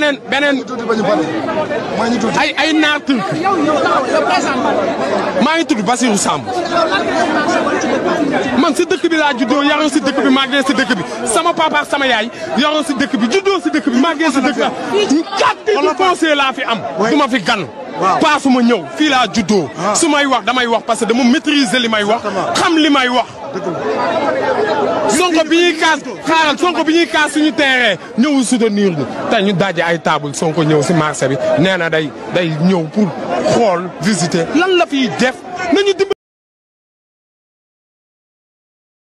beneen beneen ay ay naar tënk maa ngi tudd Basirou Samb man si dëkk bi laa juddoo yaroo si dëkk bi màggee si dëkk bi sama papa sama yaay yaroo si dëkk bi juddoo si dëkk bi màggee si dëkk bi quatre mille conseil fi am duma fi gan paasuma ñëw fii laa juddoo ah. su may wax damay wax parce que dama maîtriser li may wax xam li may wax Sonko bi ñuy kaas xaaral Sonko bi ñuy kaas suñu terrain ñëwul soutenir ñu te ñu daje ay table Sonko ñëw si marché bi nee na day day ñëw pour xool visiter lan la fiy def nañu